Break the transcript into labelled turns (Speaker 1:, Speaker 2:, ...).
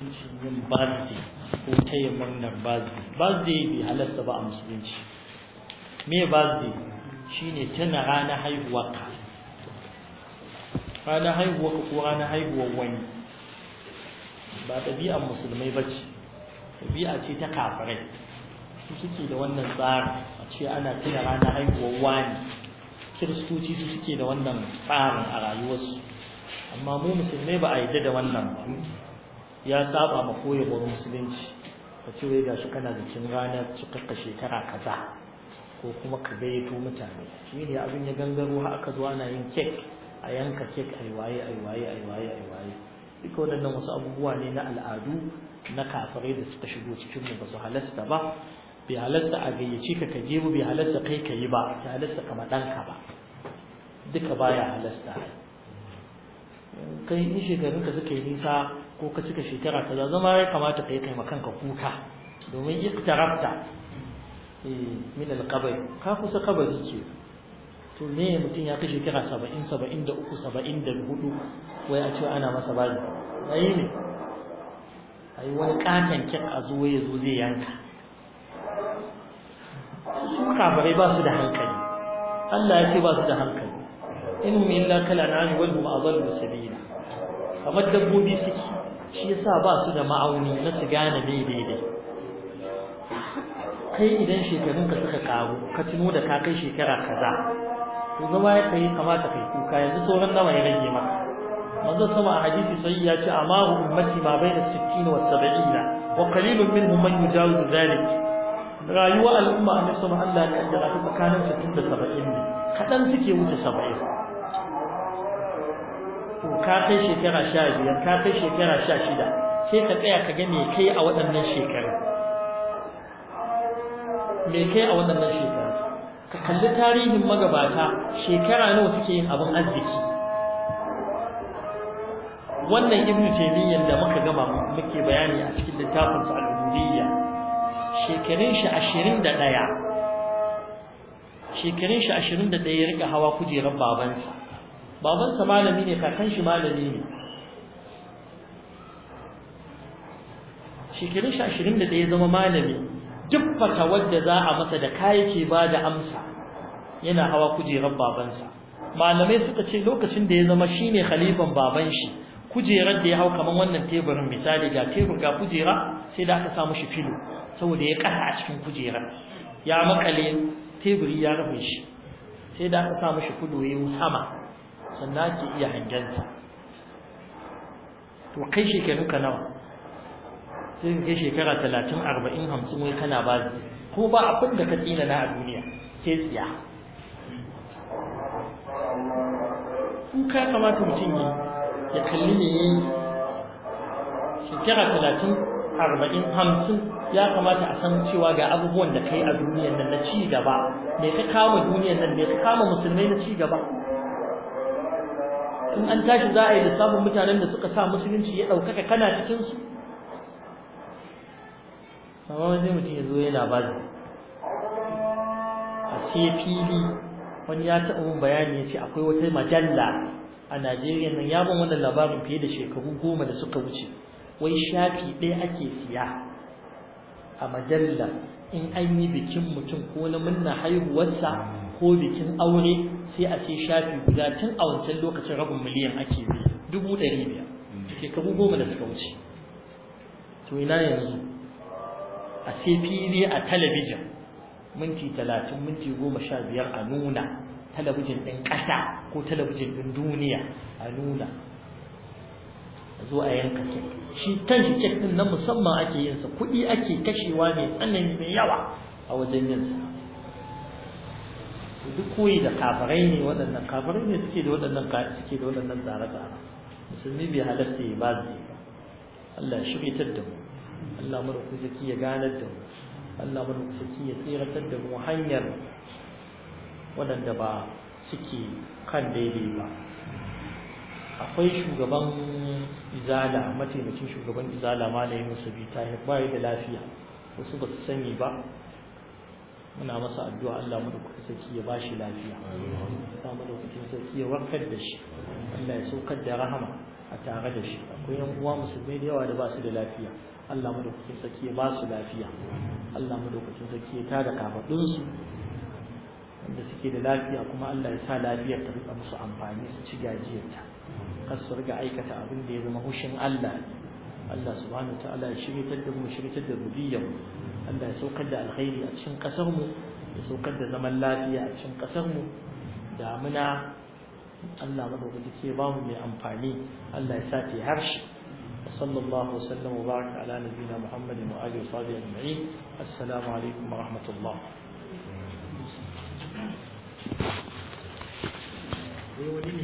Speaker 1: musulunci yin birthday ko taya murnar birthday birthday bai halasta ba a musulunci me birthday shine tana ranar haihuwa ka ranar haihuwa ka ko ranar haihuwar wani ba ɗabi'ar musulmai ba ce ɗabi'a ce ta kafirai su suke da wannan tsari a ce ana tuna ranar haihuwar wani kiristoci su suke da wannan tsarin a rayuwarsu amma mu musulmai ba a yadda da wannan ba ya saba ma koyarwar musulunci ka ce wai gashi kana bikin ranar cikakka shekara kaza ko kuma ka gayyato mutane shi ne abin ya gangaro har aka zo ana yin kek a yanka kek ai waye ai waye ai waye ai waye duka waɗannan wasu abubuwa ne na al'adu na kafirai da suka shigo cikin mu ba su halasta ba bai halasta a gayyace ka kaje mu bai halasta kai ka yi ba bai halasta ka maɗanka ba duka baya halasta kai in shekarunka suka yi nisa ko ka cika shekara kaza zama ya kamata ka yi kai kanka kuka domin yi tarafta. Eh, min alqabr ka kusa kabari ce to me mutum ya kai shekara 70 73 74 wai a ce ana masa bari ai ne ai wani katan kin a zuwa ya zo zai yanka su kafirai ba su da hankali Allah ya ce ba su da hankali in hum illa kal an'ami wal hum adallu sabila kamar dabbobi suke shi yasa ba su da ma'auni na su gane me daidai kai idan shekarun ka suka karu ka tuno da ka kai shekara kaza to zama ya kai kamata kai kuka yanzu sauran nawa ya rage maka manzo sama a hadisi sai ya ce amaru ummati ma da 60 wa 70 wa qalilun minhum man yujawizu dhalik Rayuwar al'umma annabi sama Allah ya ta tsakanin 60 da 70 ne kadan suke wuce 70 to ka kai shekara sha biyar ka kai shekara sha shida sai ka tsaya ka ga me kai a waɗannan shekaru me kai a waɗannan shekaru ka kalli tarihin magabata shekara nawa suke yin abin arziki wannan ibnu taymiyyah da muka gama muke bayani a cikin littafin sa al-ubudiyya shekarun shi 21 shekarun shi 21 ya rika hawa kujerar babansa babansa malami ne kakan shi malami ne shekarun shi ashirin da ya zama malami duk fata wadda za a masa da kayi ke ba da amsa yana hawa kujerar babansa malamai suka ce lokacin da ya zama shi ne khalifan baban shi kujerar da ya hau kamar wannan teburin misali ga tebur ga kujera sai da aka samu shi filo saboda ya kara a cikin kujerar ya makale teburi ya rufe shi sai da aka sa shi kudo ya yi sama sannan ake iya hangensa to kai shekaru ka nawa sai kai shekara talatin arba'in hamsin wai kana ba ko ba abin da ka tsina na a duniya sai tsiya kuka kamata mutum ne ya kalli ne shekara talatin arba'in hamsin ya kamata a san cewa ga abubuwan da kai a duniyar nan na ci gaba me ka kama duniyar nan me ka kama musulmai na ci gaba in an tashi za a yi lissafin mutanen da suka sa musulunci ya ɗaukaka kana cikinsu? su amma wani mutum ya zo ya labari a ce wani ya taɓa mun bayani ya ce akwai wata majalla a Najeriya nan ya ban wani labarin fiye da shekaru goma da suka wuce wai shafi ɗaya ake siya a majalla in an yi bikin mutum ko na munna haihuwarsa ko bikin aure sai a sai shafi guda tun a wancan lokacin rabin miliyan ake bi dubu ɗari biyar shekaru goma da suka wuce to ina yanzu a sai fili a talabijin minti talatin minti goma sha biyar a nuna talabijin ɗin ƙasa ko talabijin ɗin duniya a nuna zo a yanka kek shi kan shi kek ɗin na musamman ake yinsa kuɗi ake kashewa mai tsanani mai yawa a wajen yinsa duk koyi da kafirai ne waɗannan kafirai ne suke da waɗannan suke da waɗannan tsare-tsare musulmi bai halatta ya bazi ba Allah ya shiryatar da mu Allah mu ruku ki ya gane da mu Allah mu ruku ki ya tsiratar da mu hanyar waɗanda ba suke kan daidai ba akwai shugaban izala mataimakin shugaban izala malamin musabi ta bai da lafiya wasu ba su sani ba muna masa addu'a Allah madaukakin sarki ya bashi lafiya Allah madaukakin sarki ya warkar da shi Allah ya saukar da rahama a tare da shi akwai yan uwa musulmai da yawa da ba su da lafiya Allah madaukakin sarki ya ba su lafiya Allah madaukakin sarki ya tada kafadun su wanda suke da lafiya kuma Allah ya sa lafiyar ta rika musu amfani su ci gajiyarta kar su riga aikata abin da ya zama hushin Allah Allah subhanahu wa ta'ala ya shirye da mu shirye da zuriyar Allah ya saukar da alkhairi a cikin kasar mu ya saukar da zaman lafiya a cikin kasar mu damuna Allah madaukaki ke ba mu mai amfani Allah ya sa ta harshe صلى الله وسلم وبارك على نبينا محمد وآله وصحبه أجمعين السلام عليكم ورحمة الله Thank